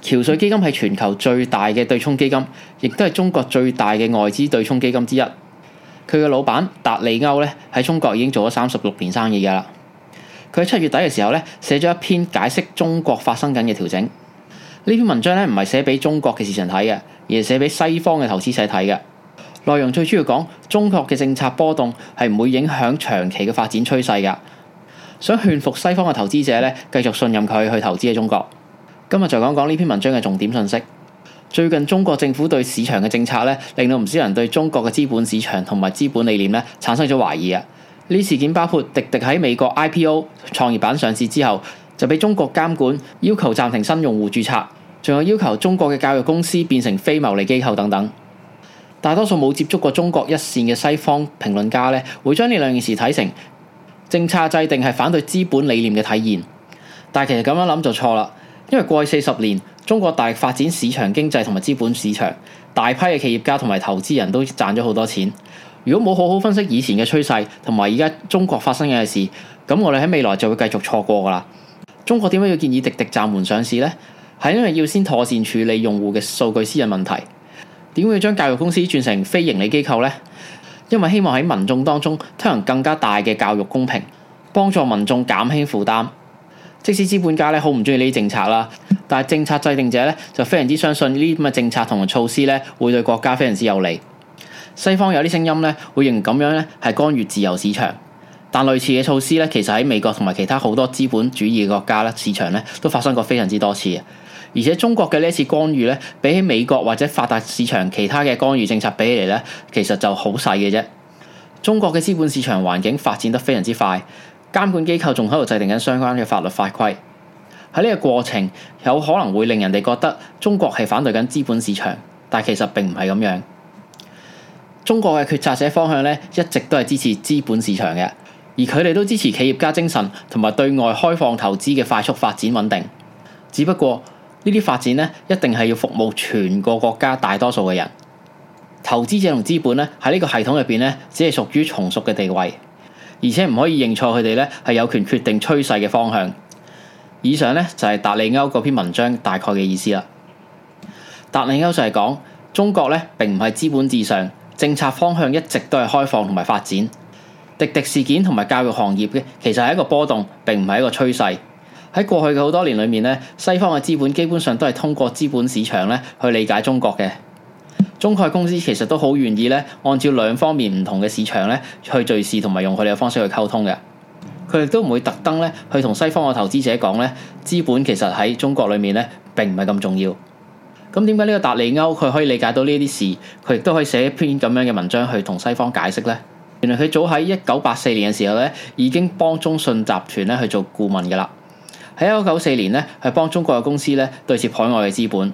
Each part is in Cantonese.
橋水基金係全球最大嘅對沖基金，亦都係中國最大嘅外資對沖基金之一。佢嘅老闆達利歐咧喺中國已經做咗三十六年生意噶啦。佢喺七月底嘅時候咧寫咗一篇解釋中國發生緊嘅調整。呢篇文章咧唔係寫俾中國嘅市場睇嘅，而係寫俾西方嘅投資者睇嘅。內容最主要講中國嘅政策波動係唔會影響長期嘅發展趨勢噶，想勸服西方嘅投資者咧繼續信任佢去投資喺中國。今日就講講呢篇文章嘅重點信息。最近中國政府對市場嘅政策咧，令到唔少人對中國嘅資本市場同埋資本理念咧產生咗懷疑啊。呢事件包括滴滴喺美國 IPO 創業板上市之後，就俾中國監管要求暫停新用戶注冊，仲有要求中國嘅教育公司變成非牟利機構等等。大多數冇接觸過中國一線嘅西方評論家咧，會將呢兩件事睇成政策制定係反對資本理念嘅體現，但其實咁樣諗就錯啦。因為過去四十年，中國大力發展市場經濟同埋資本市場，大批嘅企業家同埋投資人都賺咗好多錢。如果冇好好分析以前嘅趨勢同埋而家中國發生嘅事，咁我哋喺未來就會繼續錯過噶啦。中國點解要建議滴滴暫緩上市呢？係因為要先妥善處理用戶嘅數據私隱問題。點會將教育公司轉成非盈利機構呢？因為希望喺民眾當中推行更加大嘅教育公平，幫助民眾減輕負擔。即使資本家咧好唔中意呢啲政策啦，但係政策制定者咧就非常之相信呢啲咁嘅政策同埋措施咧，會對國家非常之有利。西方有啲聲音咧，會認為咁樣咧係干預自由市場，但類似嘅措施咧，其實喺美國同埋其他好多資本主義國家咧，市場咧都發生過非常之多次。而且中國嘅呢次干預咧，比起美國或者發達市場其他嘅干預政策比起嚟咧，其實就好細嘅啫。中國嘅資本市場環境發展得非常之快。監管機構仲喺度制定緊相關嘅法律法規。喺呢個過程有可能會令人哋覺得中國係反對緊資本市場，但其實並唔係咁樣。中國嘅決策者方向咧，一直都係支持資本市場嘅，而佢哋都支持企業家精神同埋對外開放投資嘅快速發展穩定。只不過呢啲發展咧，一定係要服務全個國家大多數嘅人。投資者同資本咧，喺呢個系統入邊咧，只係屬於從屬嘅地位。而且唔可以認錯佢哋咧，係有權決定趨勢嘅方向。以上咧就係達利歐嗰篇文章大概嘅意思啦。達利歐就係講中國咧，並唔係資本至上，政策方向一直都係開放同埋發展。滴滴事件同埋教育行業嘅，其實係一個波動，並唔係一個趨勢。喺過去嘅好多年裏面咧，西方嘅資本基本上都係通過資本市場咧去理解中國嘅。中概公司其實都好願意咧，按照兩方面唔同嘅市場咧去敘事，同埋用佢哋嘅方式去溝通嘅。佢亦都唔會特登咧去同西方嘅投資者講咧，資本其實喺中國裏面咧並唔係咁重要。咁點解呢個達利歐佢可以理解到呢啲事，佢亦都可以寫一篇咁樣嘅文章去同西方解釋咧？原來佢早喺一九八四年嘅時候咧，已經幫中信集團咧去做顧問㗎喇。喺一九九四年咧，係幫中國嘅公司咧對接海外嘅資本。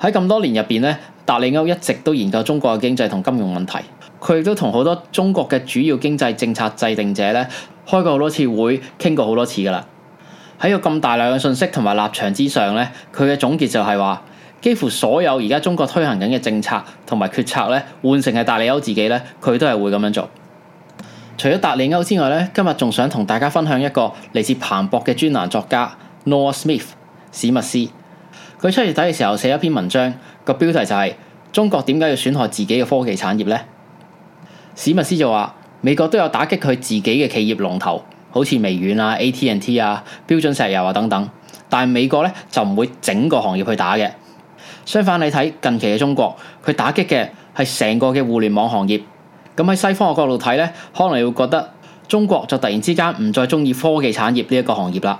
喺咁多年入邊咧。達利歐一直都研究中國嘅經濟同金融問題，佢亦都同好多中國嘅主要經濟政策制定者咧開過好多次會，傾過好多次噶啦。喺個咁大量嘅信息同埋立場之上咧，佢嘅總結就係話，幾乎所有而家中國推行緊嘅政策同埋決策咧，換成係達利歐自己咧，佢都係會咁樣做。除咗達利歐之外咧，今日仲想同大家分享一個嚟自彭博嘅專欄作家 Noah Smith 史密斯。佢七月底嘅時候寫一篇文章。個標題就係、是、中國點解要損害自己嘅科技產業呢？史密斯就話美國都有打擊佢自己嘅企業龍頭，好似微軟啊、AT&T 啊、標準石油啊等等。但係美國咧就唔會整個行業去打嘅。相反，你睇近期嘅中國，佢打擊嘅係成個嘅互聯網行業。咁喺西方嘅角度睇咧，可能你會覺得中國就突然之間唔再中意科技產業呢一個行業啦。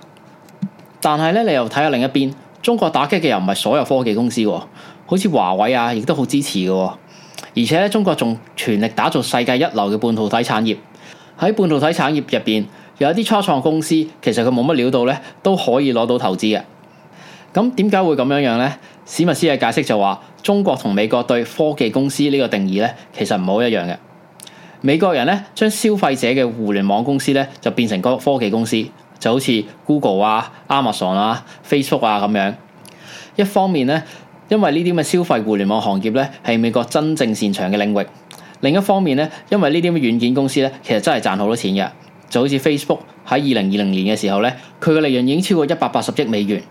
但係咧，你又睇下另一邊。中國打擊嘅又唔係所有科技公司喎，好似華為啊，亦都好支持嘅。而且咧，中國仲全力打造世界一流嘅半導體產業。喺半導體產業入邊，有一啲初創公司，其實佢冇乜料到咧，都可以攞到投資嘅。咁點解會咁樣樣咧？史密斯嘅解釋就話：中國同美國對科技公司呢個定義咧，其實唔好一樣嘅。美國人咧，將消費者嘅互聯網公司咧，就變成個科技公司。就好似 Google 啊、Amazon 啊、Facebook 啊咁樣。一方面咧，因為呢啲咁嘅消費互聯網行業咧，係美國真正擅長嘅領域；另一方面咧，因為呢啲咁嘅軟件公司咧，其實真係賺好多錢嘅。就好似 Facebook 喺二零二零年嘅時候咧，佢嘅利潤已經超過一百八十億美元。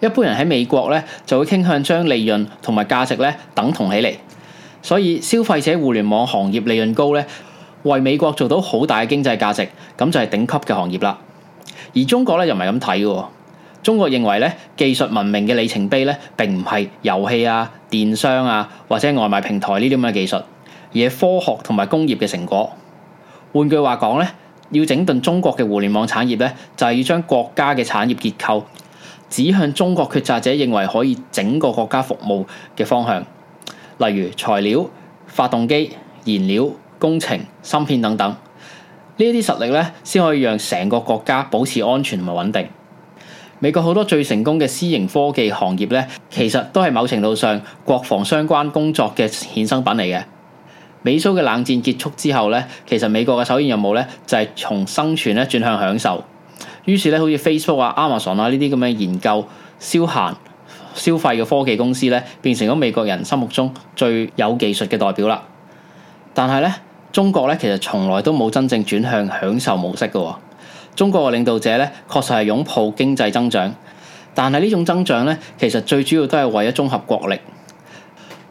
一般人喺美國咧，就會傾向將利潤同埋價值咧等同起嚟，所以消費者互聯網行業利潤高咧，為美國做到好大嘅經濟價值，咁就係頂級嘅行業啦。而中國咧又唔係咁睇嘅，中國認為咧技術文明嘅里程碑咧，並唔係遊戲啊、電商啊或者外賣平台呢啲咁嘅技術，而係科學同埋工業嘅成果。換句話講咧，要整頓中國嘅互聯網產業咧，就係要將國家嘅產業結構指向中國決策者認為可以整個國家服務嘅方向，例如材料、發動機、燃料、工程、芯片等等。呢啲實力咧，先可以讓成個國家保持安全同埋穩定。美國好多最成功嘅私營科技行業咧，其實都係某程度上國防相關工作嘅衍生品嚟嘅。美蘇嘅冷戰結束之後咧，其實美國嘅首要任務咧就係從生存咧轉向享受。於是咧，好似 Facebook 啊、Amazon 啊呢啲咁嘅研究消閒消費嘅科技公司咧，變成咗美國人心目中最有技術嘅代表啦。但係咧，中國咧其實從來都冇真正轉向享受模式嘅。哦，中國嘅領導者咧確實係擁抱經濟增長，但係呢種增長咧其實最主要都係為咗綜合國力。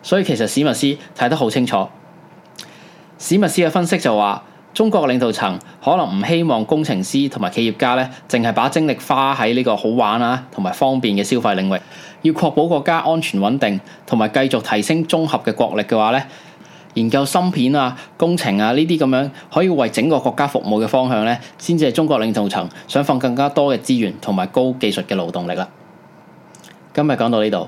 所以其實史密斯睇得好清楚，史密斯嘅分析就話，中國嘅領導層可能唔希望工程師同埋企業家咧淨係把精力花喺呢個好玩啊同埋方便嘅消費領域，要確保國家安全穩定同埋繼續提升綜合嘅國力嘅話咧。研究芯片啊、工程啊呢啲咁樣，可以為整個國家服務嘅方向咧，先至係中國領導層想放更加多嘅資源同埋高技術嘅勞動力啦。今日講到呢度。